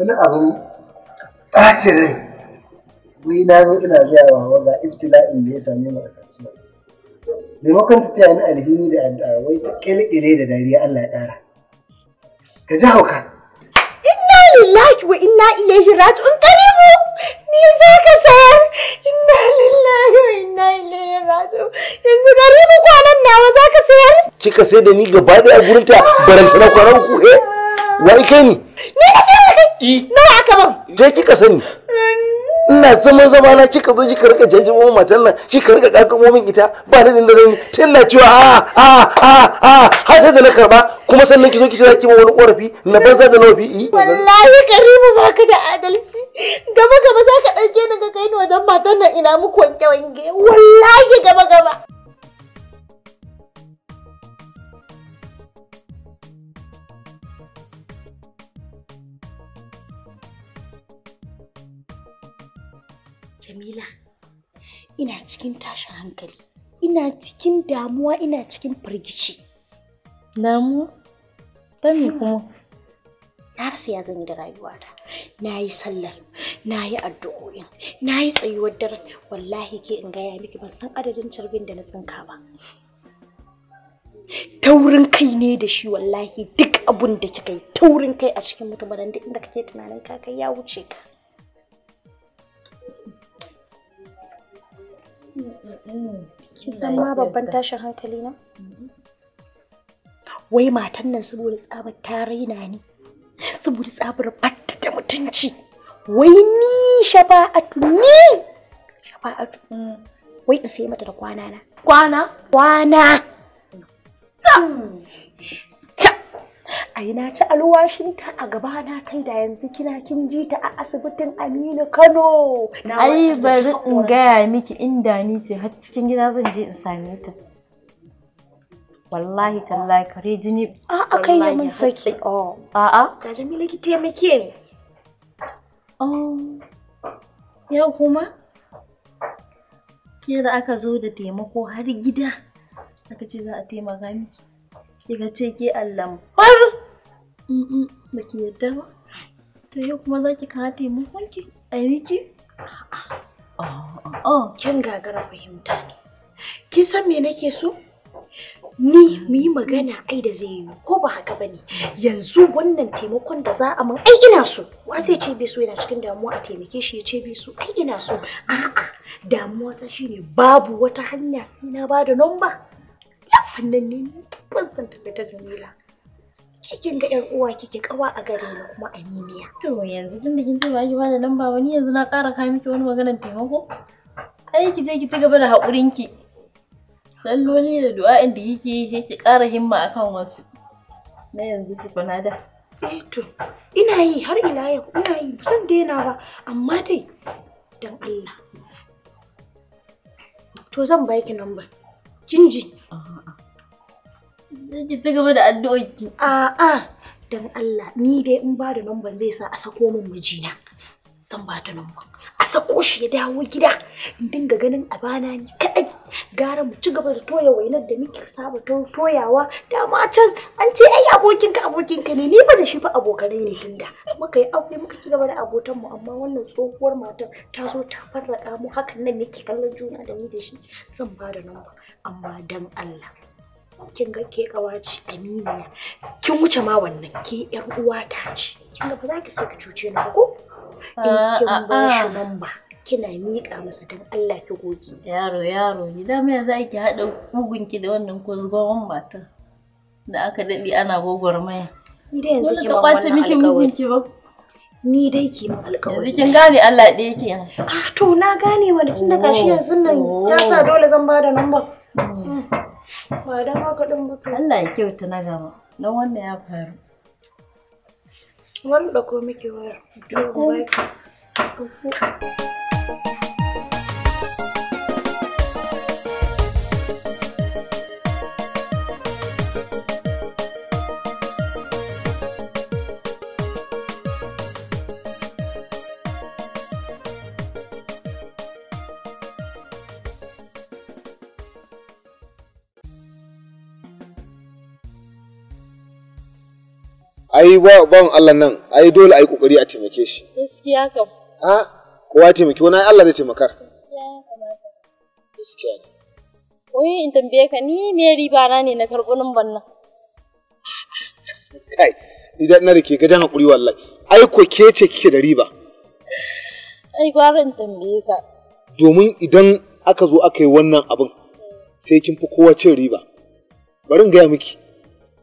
wani abin ɓacin rai wai na zo ina gaya wa wanda ibtila'in da ya same mu a kasuwa maimakon ta taya ni alhini da addu'a wai ta kyalkyale da dariya Allah ya ƙara ka ji hauka inna lillahi wa inna ilaihi raji'un qaribu ni za ka sayar inna lillahi wa inna ilaihi raji'un yanzu qaribu kwanan nawa za ka sayar kika sai da ni gaba daya gurin ta barantana kwanan ku eh wai kai ni ni ka sayar kai nawa aka ban je kika sani ina zaman zama na kika zo kika rika jaji mu matan nan kika rika kakamo min ita ba ni da zan tun na cewa a ah, a ah, a ah, a har sai da na karba kuma sannan kizo kici zaki ma wani korafi na banza da nawa bi'i wallahi karibu baka da adalci gaba gaba zaka dauke ni ka kai ni wajen matan nan ina muku wanke wanke wallahi gaba gaba Jamila, ina cikin tashin hankali, ina cikin damuwa, ina cikin firgici. Damuwa? Ta me kuma? Na rasa ya zan da rayuwata. Na yi sallar, na yi addu'o'in, na yi tsayuwar dare, wallahi ke in gaya miki ban san adadin carbin da na tsinka ba. Taurin kai ne da shi wallahi duk abun da kika yi taurin kai a cikin mutum da inda kake tunanin ka kai ya wuce ka. Kin san ma babban tashin hankali na? Mm-hmm. Wai matan nan saboda tsabar ta ne, saboda tsabar batta da mutunci. Wai ni shafa'atu ni shafa'atu. Mm. Wai in sai mata da kwana na. Kwana? Kwana. Mm. ai na ci ta a gaba na kai da yanzu kina kin ji ta a asibitin Aminu Kano. Ai bari in gaya miki inda ni ce har cikin gida zan je in same ta. Wallahi tallahi kare jini. A'a kai ya mun saki. Oh. A'a. Kare mi likita muke ne. Oh. Yau kuma? Ke da aka zo da taimako har gida. Aka ce za a taimaka miki. Kika ce ke Allah. Har baki ki ba to yau kuma za ki kawo taimakon ki a miki kin gagara fahimta ne kin san me nake so ni mu yi magana ai da zai yi ko ba haka ba ne yanzu wannan taimakon da za a man ina so wa zai ce bai so yana cikin damuwa a taimake shi ya ce bai so ai ina so a'a damuwa ta shine babu wata hanya sai na bada nomba. lamban nan ne ban san tabbata jamila kikin ga yan uwa kike kawa a gare ni kuma aminiya to yanzu tun da kin ce ba ki bada nan ba ni yanzu na ƙara kai miki wani maganar taimako ai ki je ki ci gaba da haƙurin ki lalloli da du'a'in da kike yi sai ki ƙara himma akan wasu na yanzu ki kuna da eh to ina yi har ila yau ina yi san zan daina ba amma dai dan Allah to zan baki number kin ji a'a Zaki ci gaba da addu'o'i. A'a, don Allah, ni dai in ba da zai sa a sako min mijina. Zan ba da A sako shi ya dawo gida, in dinga ganin a bana ni kaɗai. Gara mu ci gaba da toya wainar da muke saba toyawa. Dama can an ce ai abokinka abokinka ne, ni ba da shi fa abokanai ne tunda. Muka yi aure muka ci gaba da abotan mu amma wannan tsohuwar matar ta zo ta farraka mu hakan nan muke kallon juna da ni da shi. Zan ba da amma dan Allah. kin ga ke kawaci aminiya kin wuce ma wannan ke yar uwa ta ce kin ga ba za ki so ki cuce ni ba ko in ah, kin ah, ba shi namba ah. kina miƙa masa don Allah ki goge yaro yaro ni da me za ki hada kugun ki da wannan kozgon mata da aka dade ana gogormaya ni dai yanzu ki ba wannan alƙawari ni dai ki ma alƙawari. Yanzu kin gane Allah ɗaya ke nan. Ah to na gane wa da tun da gashi oh. yanzu nan ta sa dole zan ba da number. Hmm. Hmm. Ba don haka ɗin ba Allah ya kyauta na gaba. Don wanda ya faru. Wani da ko muke waya. Duk ai ban Allah nan ai dole ai kokari a taimake shi gaskiya kam a kowa taimaki wani Allah zai taimakar gaskiya ne Oye in tambaye ka ni me riba na ne na karɓo ban nan kai idan na rike jan hakuri wallahi ai ko ke ce kike da riba ai gwara in tambaye ka domin idan aka zo aka yi wannan abin sai kin fi kowa cin riba bari in gaya miki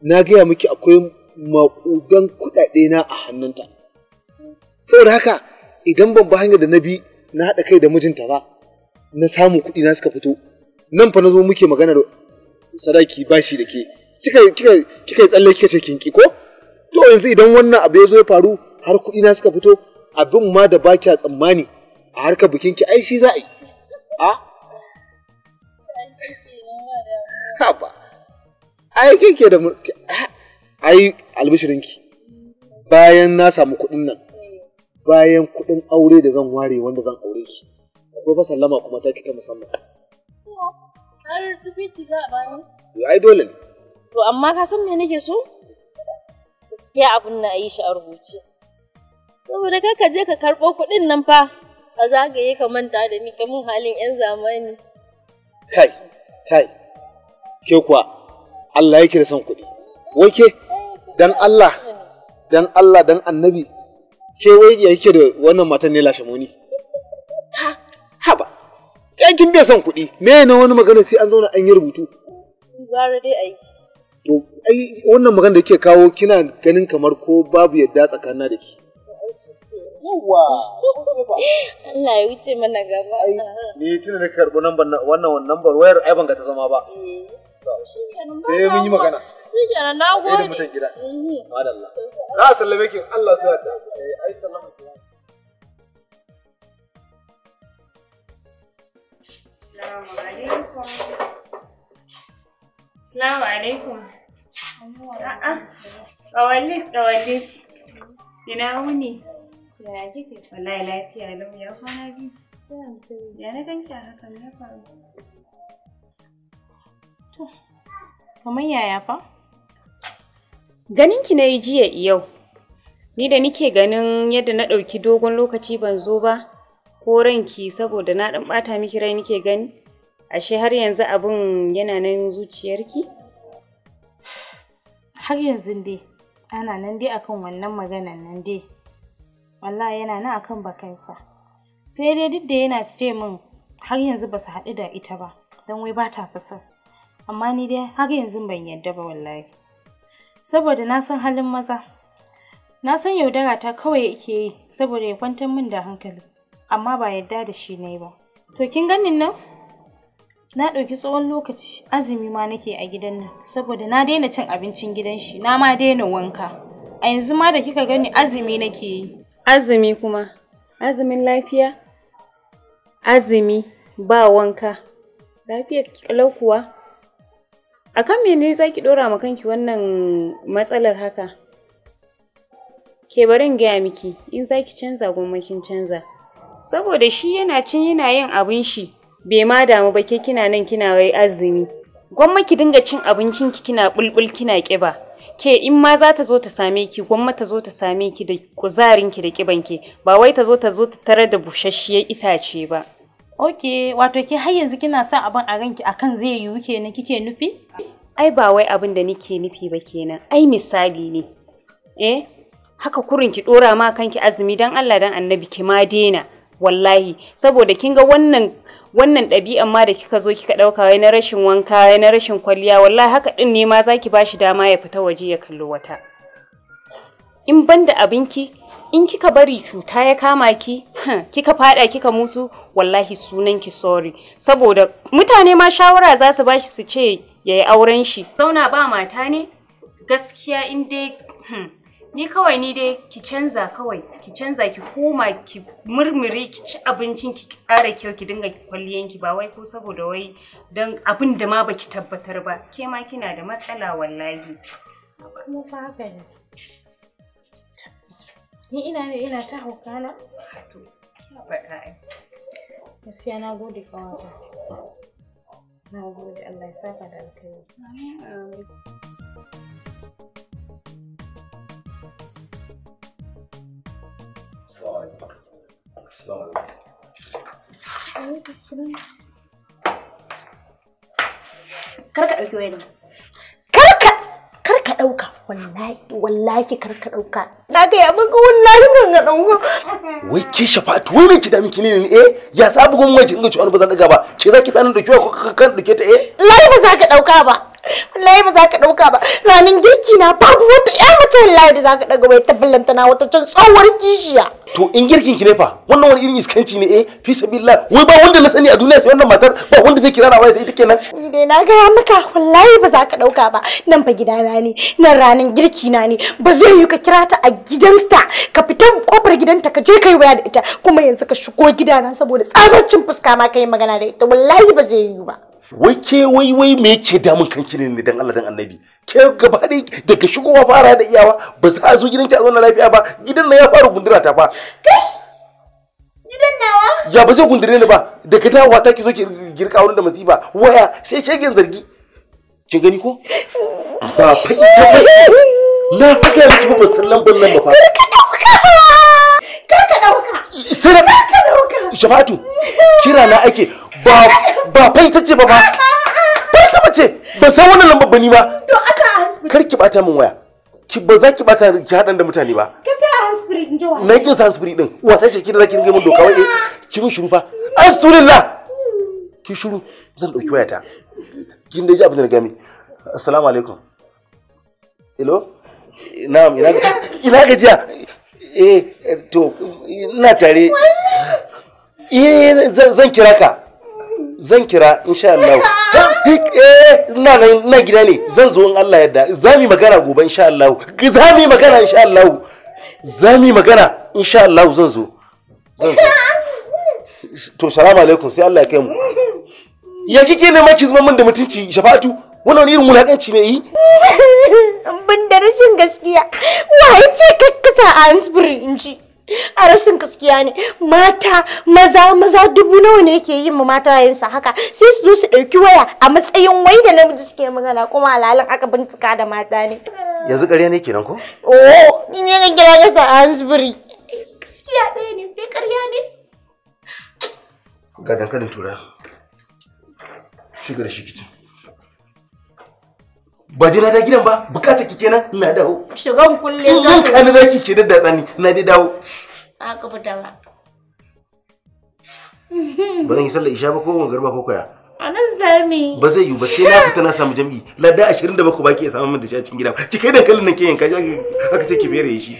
na gaya miki akwai maƙudan kuɗaɗe na a hannunta. Saboda haka idan ban ba hanyar da na bi na haɗa kai da mijinta ba na samu kuɗi na suka fito nan fa na zo muke magana da sadaki bashi da ke kika kika kika yi tsalle kika ce kinki ko to yanzu idan wannan abu ya zo ya faru har kuɗi na suka fito abin ma da ba kya tsammani a harkar ki, ai shi za a yi a haba ai kinke da ai albishirinki bayan na samu kuɗin nan bayan kuɗin aure da zan ware wanda zan aure ki akwai fa sallama kuma ta kita musamman to ai dole ne to amma ka san me nake so gaskiya abun na yi shi a rubuce saboda kaka je ka karɓo kuɗin nan fa ka zagaye ka manta da ni kamun halin yan zamani kai kai ke kuwa Allah yake da son kuɗi wai ke dan Allah dan Allah dan annabi ke wai ya yake da wannan matan ne lashe muni ha haba kai kin bai son kuɗi me ne wani magana sai an zauna an yi rubutu gara dai ai to ai wannan magana da yake kawo kina ganin kamar ko babu yadda tsakanina da ke yawa Allah ya wuce mana gaba ni tuna na karɓi wannan wannan wayar ai ban ga ta zama ba eh. sai mun yi magana shi kenan na gode gida madalla za sallame ki Allah ya yarda eh, ai sallama ki Assalamu alaikum. Assalamu alaikum. A'a, ƙawallis, ƙawallis. Ina wuni? Ya kike? Wallahi lafiya lau ya kwana biyu. Ya na ganki a hakan ya faru. Kamar yaya fa? Ganinki na yi jiya yau. Ni da nike ganin yadda na ɗauki dogon lokaci ban zo ba, ko ranki saboda na ɗan ɓata miki rai nike gani. Ashe har yanzu abin yana nan zuciyarki? Har yanzu dai, ana nan dai akan wannan maganan nan dai. Wallahi yana nan akan bakansa. Sai dai duk da yana ce min har yanzu ba su haɗu da ita ba, don wai ba ta fasa. amma ni dai har yanzu ban yarda ba wallahi saboda na san halin maza na san yaudara ta kawai yake yi saboda ya kwantar min da hankali amma ba yarda da shi ne ba to kin ganin nan na ɗauki tsawon lokaci azumi ma nake a gidan nan saboda na daina cin abincin gidan shi na ma daina wanka a yanzu ma da kika gani azumi nake yi azumi kuma azumin lafiya azumi ba wanka lafiyar kalau kuwa akan mene za ki ɗora ma kanki wannan matsalar haka ke bari gaya miki in za ki canza gwamma kin canza saboda shi yana cin yana yin abin shi bai ma damu ba ke kina nan kina wai azumi gwamma ki dinga cin abincin ki kina bulbul kina kiba ke in ma za ta zo ta same ki gwamma ta zo ta same ki da kuzarin ki da kiban ki ba wai ta zo ta zo ta tare da bushashshiyar itace ba Ok, wato ke har yanzu kina sa abin a ranki akan zai yiwu kenan kike nufi? Ai ba wai abin da nike nufi ba kenan, ai misali ne. Eh, haka kurin ki dora ma kanki azumi dan Allah dan Annabi ki ma dena. Wallahi, saboda kin ga wannan wannan ɗabi'an ma da kika zo kika ɗauka wai na rashin wanka na rashin kwalliya wallahi haka ɗin ne ma za ki bashi dama ya fita waje ya kallo wata in banda abin abinki in kika bari cuta ya kama ki kika fada kika mutu wallahi sunan ki sorry saboda mutane ma shawara za su bashi su ce yayi auren shi zauna ba mata ne gaskiya in dai hmm, ni kawai ni dai ki canza kawai ki canza ki koma ki murmure ki ci abincin ki ƙara kyau ki dinga kwalliyan ki ba wai ko saboda wai dan abin da ma baki tabbatar ba ke ma kina da matsala wallahi Ni ina ne ina ta hauka na? To, Gaskiya na gode kawata. Na gode Allah ya saka da Assalamu alaikum. Alaikum ka ɗauka wallahi wallahi kar ka ɗauka na ga ya maka wallahi kar ka ɗauka wai ki shafa'atu wai mai kida miki ne eh ya sabu gun waje in ga ci ba zan ɗaga ba ce za ki sanin da kiwa ko kan ɗauke ta eh wallahi ba za ka ɗauka ba wallahi ba za ka ɗauka ba ranin girki na babu wata ƴa mace wallahi da za ka ɗaga bai ta na wata can tsohuwar kishiya to in girkin ki ne fa wannan wani irin iskanci ne eh fi sabilla wai ba wanda na sani a duniya sai wannan matar ba wanda zai kira na waya sai ita kenan ni dai na gaya maka wallahi ba za ka dauka ba nan fa gidana ne nan ranan girki na ne ba zai yi ka kira ta a gidanta ka fita kofar gidanta ka je kai waya da ita kuma yanzu ka shigo gidana saboda tsabarcin fuska ma ka yi magana da ita wallahi ba zai yi ba wai ke wai wai me yake damun kanki ne dan Allah dan Annabi ke gaba dai daga shigowa fara da iyawa ba za a zo gidanki a zauna lafiya ba gidan na ya fara gundura ta fa kai gidan nawa ya ba zai gundure ni ba daga dawowa ta ki zo ki girka wurin da masifa waya sai shegen zargi kin gani ko ba fa ita na faga ki ba musallan ban nan ba fa kar ka dauka sai na shafatu kira na ake ba ba fai tace ba ba fai ta bace ba san wannan lambar bani ba to a sa hasbi kar ki bata min waya ki ba za ki bata ki hadan da mutane ba ka sa hasbi in jawa na kin sa hasbi din uwa ta ce ki da zaki ringa min doka wai ki mun shiru fa astulillah ki shiru zan dauki wayata kin da ji abin da na gami assalamu alaikum hello na'am ina gajiya eh to ina tare eh zan kira ka zan kira insha Allah eh ina nan ina gida ne zan zo in Allah yarda za mu magana gobe insha Allah za mu magana insha Allah za mu magana insha Allah zan zo zan zo to salamu alaikum sai Allah ya kai mu ya kike ne maki zama mun da mutunci shafa'atu wannan wani irin wulaƙanci ne yi eh? bin da rashin gaskiya waye ce kakkasa a hansbury in ji a rashin gaskiya ne mata maza maza dubu nawa ne yake yin ma mata sa haka sai su zo su ɗauki waya a matsayin wai da namiji suke magana kuma alalin aka bincika da mata ne yanzu ƙarya ne kenan ko oh ni ne ga gira gasa a hansbury gaskiya ɗaya ne sai ƙarya ne ga dankalin tura shiga da shi kicin ba je na da gidan ba bukata ki kenan na dawo shigan kullum ga ka ni zaki ke da tsani na dai dawo a ka fita ba ba zan yi sallar isha ba ko garba ko kwaya a nan zami ba zai yi ba sai na fita na samu jami'i lada 27 ba ki samu min da shi a cikin gida ki kai dankalin nan ke yanka aka ce ki bere shi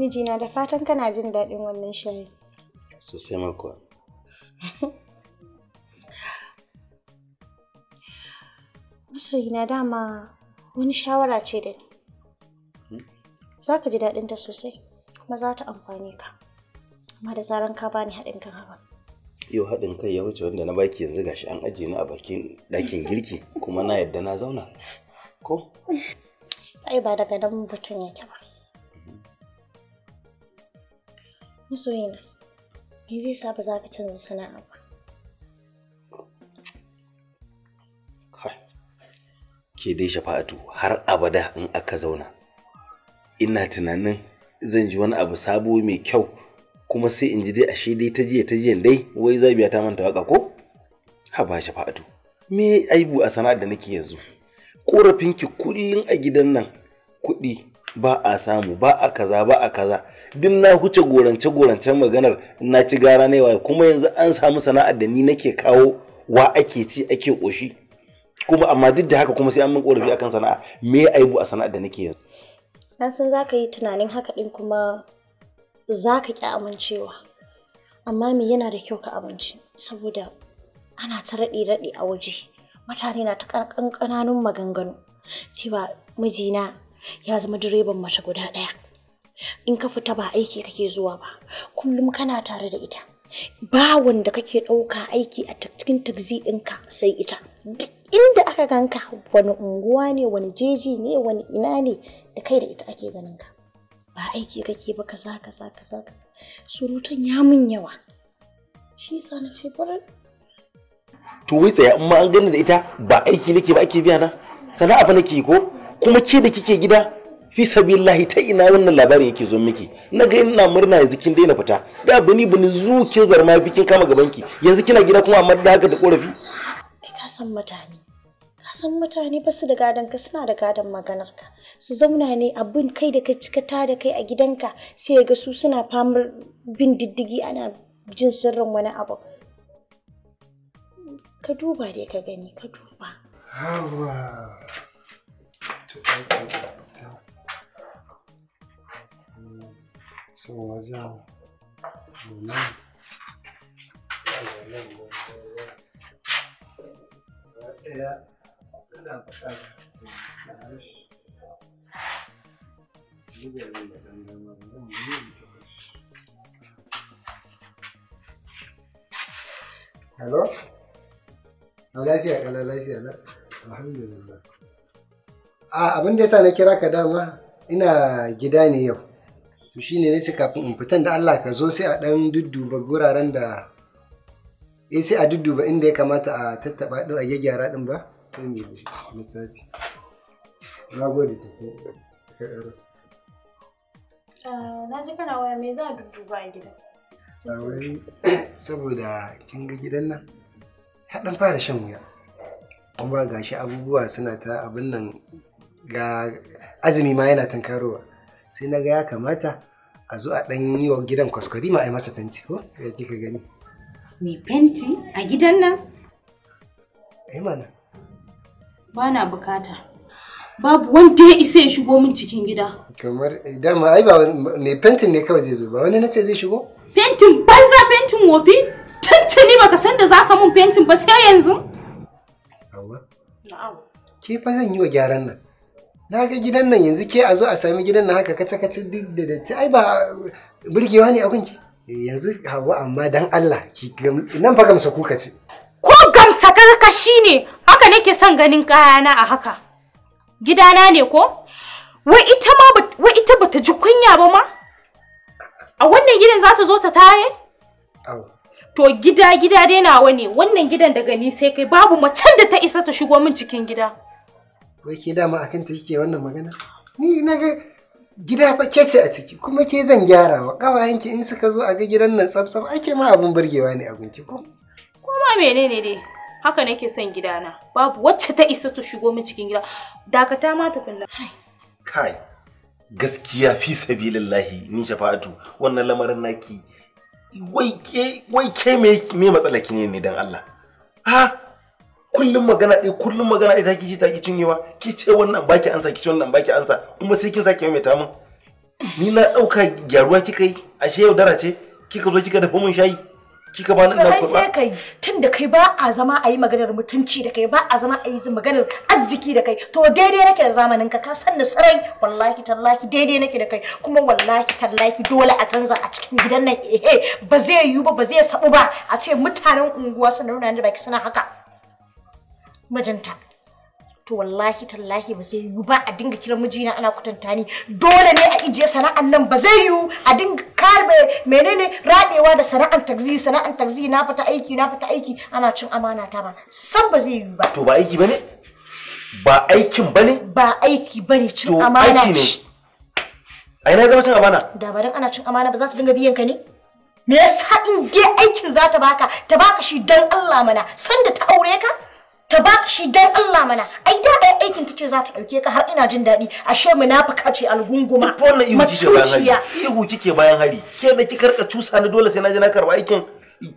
Mijina da fatan kana jin daɗin wannan shayi. Sosai ma Masoyina dama wani shawara ce da ni. Hmm? Za ka ji daɗinta sosai kuma za ta amfane ka. Amma da zaran ka bani haɗin kan haka. Yau haɗin kai ya wuce wanda na baki yanzu gashi an ajiye ni a bakin ɗakin girki kuma na yadda na zauna. Ko? Ai ba daga nan mutum yake ba. masoyina me zai sa ba za ka canza sana'a ba ke dai shafa'atu har abada in aka zauna ina tunanin zan ji wani abu sabo mai kyau kuma sai in ji dai ashe dai ta jiya ta jiya dai wai za biya ta manta waka ko ha ba shafa'atu me aibu a sana'ar da nake yanzu korafinki kullum a gidan nan kuɗi ba a samu ba a kaza ba a kaza duk na huce gorance gorancen maganar na ci gara ne wa kuma yanzu an samu sana'ar da ni nake kawo wa ake ci ake koshi kuma amma duk da haka kuma sai an min korafi akan sana'a me aibu a sana'ar da nake yanzu na san za ka yi tunanin haka din kuma za ka ƙi amincewa amma me yana da kyau ka amince saboda ana ta raɗe raɗe a waje mutane na ta kankananun maganganu cewa mijina ya zama direban mace guda ɗaya in ka fita ba aiki kake zuwa ba kullum kana tare da ita ba wanda kake ɗauka aiki a cikin takzi ɗinka sai ita duk inda aka ganka wani unguwa ne wani jeji ne wani ina ne da kai da ita ake ganin ka ba aiki kake ba kaza kaza kaza kaza surutan ya mun yawa shi yasa na ce bari to wai tsaya in ma an gani da ita ba aiki nake ba ake biya na sana'a ba nake ko kuma ke da kike gida fi sabillahi ta ina wannan labarin yake zo miki na ga ina murna yanzu kin daina fita da bani bani zu kin zarma bikin kama gaban yanzu kina gida kuma amma da haka da korafi kai ka san mutane ka san mutane ba su da gadon ka suna da gadon maganar ka su zauna ne abin kai da ka cika ta da kai a gidanka sai ya ga su suna famar bin diddigi ana jin sirrin wani abu ka duba dai ka gani ka duba Hawa. son wajen da Hello? A lafiya kana lafiya na? Alhamdulillah. Ah, abin da yasa na kira ka dama ina gida ne yau. shi ne sai kafin in fitan da Allah ka zo sai a ɗan dudduba guraren da eh sai a dudduba inda ya kamata a tattaɓa ɗin a gyaggyara ɗin ba sai mu yi lissafi na gode ta sai ka su ah, na ji kana waya me za a dudduba a gida ah, saboda kin ga gidan nan ya ɗan fara shan wuya kuma gashi abubuwa suna ta abin nan ga azumi ma yana tunkarowa sai na ga ya kamata a zo a ɗan yi wa gidan kwaskwari ma a yi masa fenti ko ya kika gani mai fenti a gidan nan ai mana ba na bukata babu wanda ya isa ya shigo min cikin gida kamar eh, ma, ai ba mai fentin ne kawai zai zo ba wani na ce zai shigo fentin banza fentin wofi tuntuni baka san da zaka mun fentin ba sai yanzu Awa. Na'am. Ke fa zan yi wa gyaran nan. na ga gidan nan yanzu ke a zo a sami gidan nan haka kace kace duk da datti ai ba burgewa ne a gunki. Eh, yanzu hawa amma dan Allah ki nan fa gamsa kuka ce ko gamsa karka shine haka nake son ganin kayana a haka gidana ne ko wai ita ma wai ita bata ji kunya ba ma a wannan gidan za ta zo ta taye to gida gida dai nawa ne wannan gidan daga ni sai kai babu macen da ta isa ta shigo min cikin gida wai ke dama a kanta kike wannan magana ni na ga gida fa ke ce a ciki kuma ke zan gyara wa ki in suka zo a ga gidan nan tsaf ake ma abun burgewa ne a gunki ko ko ma menene dai haka nake son gidana babu wacce ta isa ta shigo min cikin gida dakata ma ta tukunna kai gaskiya fi sabilillahi ni shafa'atu wannan lamarin naki wai ke wai ke me me matsalaki ne ne dan Allah ha kullum magana ɗaya kullum magana ɗaya take ci take cinyewa ki ce wannan baki ansa ki ce wannan baki ansa kuma sai kin sake maimaita min ni na ɗauka gyaruwa kika yi ashe yau dara ce kika zo kika dafa mun shayi kika ba ina kurba sai kai tunda kai ba a zama a yi maganar mutunci da kai ba a zama a yi maganar arziki da kai to daidai nake da zamanin ka ka san da sarai wallahi tallahi daidai nake da kai kuma wallahi tallahi dole a canza a cikin gidan nan eh ba zai yiwu ba ba zai sabu ba a ce mutanen unguwa suna nuna ni baki suna haka majanta to wallahi tallahi ba zai yiwu ba a dinga kiran mijina ana kwatanta ni dole ne a ijiye sana'an nan ba zai yiwu a dinga karbe menene radewa da sana'an taxi sana'an taxi na fita aiki na fita aiki ana cin amana ta ba san ba zai yiwu ba to ba aiki bane ba aikin bane ba aiki bane cin amana ce ai na zama cin amana da ba dan ana cin amana ba za ta dinga biyan ka ne me yasa in dai aikin za ta baka ta baka shi dan Allah mana sanda ta aure ka ta baka shi dan Allah mana ai da ai aikin tace za ta dauke ka har ina jin daɗi ashe munafuka ce algunguma matsuciya ihu kike bayan hari ke da kika rika cusa ni dole sai na je na karba aikin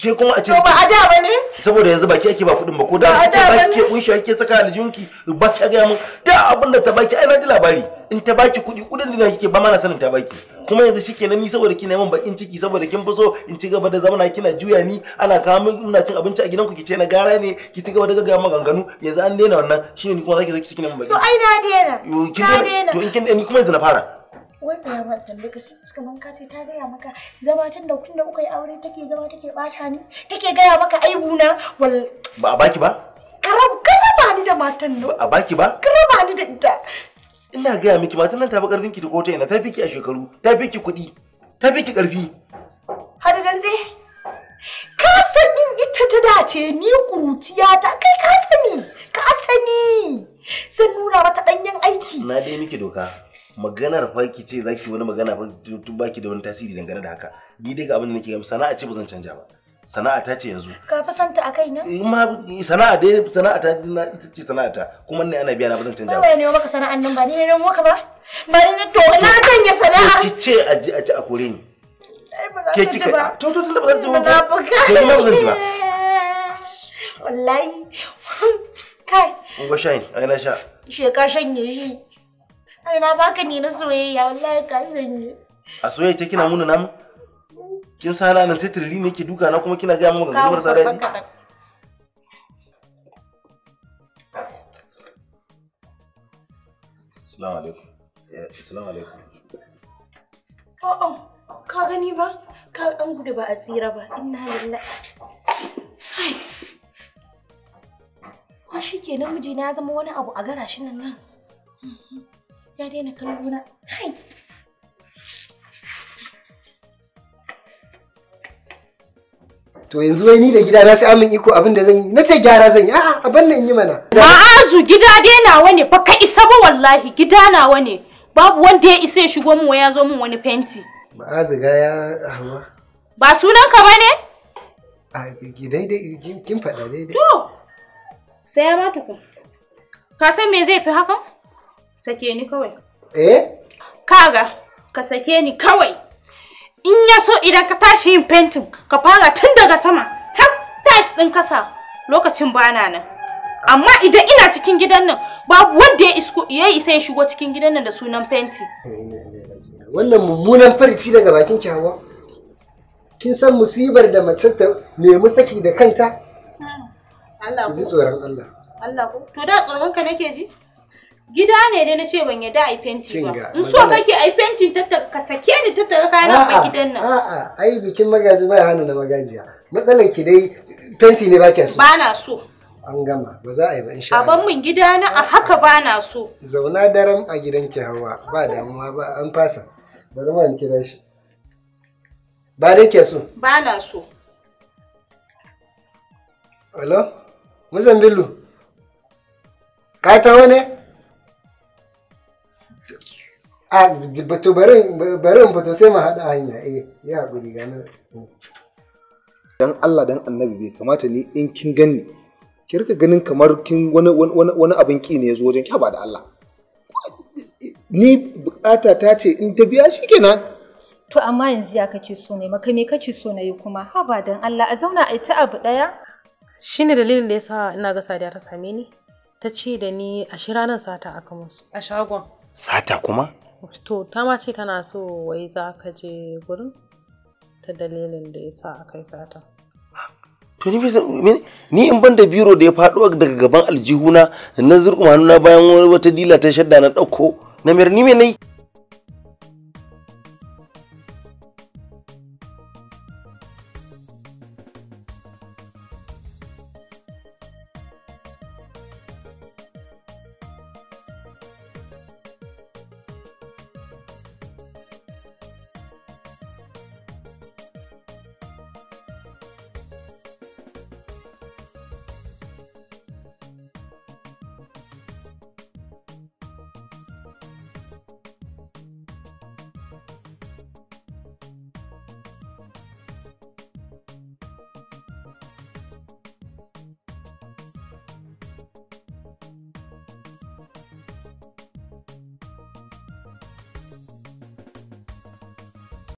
ke kuma a ce ba a bane saboda yanzu baki ake ba kudin ba ko da ba ke kunshi ake saka aljunki baki ki ga mun da abin da ta baki ai na ji labari in ta baki kudi kudin da kike ba mana sanin ta baki kuma yanzu shike nan ni saboda kina yawan bakin ciki saboda kin fuso in ci gaba da zamana kina juya ni ana kawo min ina cin abinci a gidanku ki ce na gara ne ki ci gaba da gaggaya maganganu yanzu an daina wannan shi ni kuma zaki zo ki cikin mun bakin to ai na daina na daina to in kin ni kuma yanzu na fara wai ya ba tambaye ka sun suka ka ce ta gaya maka zama tun da kun da kuka yi aure take zama take bata ni take gaya maka aibuna wal ba a baki ba karab karaba ni da matan nan a baki ba karaba ni da ita ina gaya miki matan nan ta fi karfin ki ta kota ina ta fi ki a shekaru ta fi ki kuɗi ta fi ki karfi hadi dan ka san in ita ta dace ni kurutiya ta kai ka sani ka sani zan nuna mata danyen aiki na dai miki doka maganar fa ki ce zaki wani magana ba tun baki da wani tasiri dangane da haka ni dai ga abin da nake gamsa na ce ba zan canja ba sana'a ta ce yanzu ka fi santa a kai na eh, sana'a dai sana'a ta ita ce sana'a ta kuma ne ana biya na bazan canja ba ba ne maka sana'an nan ba ni ne maka ba ba ni ne to na sanya sana'a ki ce a ji a ci a kore ni ke ki ka to to tunda ba zan ji ba ke kuma ba zan ji ba wallahi kai mun ga shayin ai na sha she ka shanye shi ai na baka ne na soyayya wallahi ka shanye a soyayya ce kina muna namu kin sa ranar sai tiriri ne ke duka na kuma kina gaya mun gangar sa dai Assalamu alaikum eh, Assalamu alaikum Oh oh ka gani ba ka an gudu ba a tsira ba inna lillahi Ai shi kenan miji na zama wani abu a garashin nan mhm. ya daina kallo na hai to yanzu wai ni da gida na sai amin iko abin da zan yi nace gyara zan yi a'a a nan in yi mana ma'azu gida dai nawa ne fa ka isa ba wallahi gida nawa ne babu wanda ya isa ya shigo min ya zo min wani fenti ma'azu ga ya hawa ba sunan ka bane a dai-dai, kin faɗa dai to sai ya mata ka ka san me zai fi hakan sake ni kawai eh kaga ka sake ni kawai in ya so idan ka tashi yin fentin ka fara tun daga sama har tiles ɗin kasa lokacin bana nan amma idan ina cikin gidan nan babu wanda ya isko ya isa ya shigo cikin gidan nan da sunan fenti wannan mummunan farici daga bakin kyawa kin san musibar da mace ta nemi saki da kanta hmm. Allah ji tsoron Allah Allah ku to da tsoron ka nake ji Gida ne da na ce ban yadda a yi fenti ba. In so kake a yi fentin ka sake ni ta tara kayan ba gidan nan. A'a, ai bikin magaji bai hannu na magajiya. Matsalar ki dai fenti ne ba ke so. Ba na so. An gama, ba za a yi ba insha Allah. ban min gida na a haka ba na so. Zauna daram a gidan ki hawa, ba damuwa ba an fasa. Bari ma in kira shi. Ba dai ke so. Ba na so. Alo? Muzan Bello. Ka ta ne? a ah, to barin sai mu haɗa hanya eh ya haƙuri ga dan Allah dan annabi bai kamata ni in kin gani, ki rika ganin kamar kin wani wani abin ki ne yazo wajen ki ba da Allah ni bukata ta ce in ta biya shi kenan to amma yanzu ya kace so ne maka me kace so yi kuma ha ba dan Allah a zauna a ta abu daya shine dalilin da yasa ina ga Sadiya ta same ni ta ce da ni a shiranan ranar sata aka musu a shagon Sata kuma? To, ta ma ce tana so wai za ka je gurin ta dalilin da ya sa a kai sata. To, ni in ban da biro da ya faɗo daga gaban aljihuna na zurkuma na bayan wata dila ta shadda na ɗauko na mayar ni nai.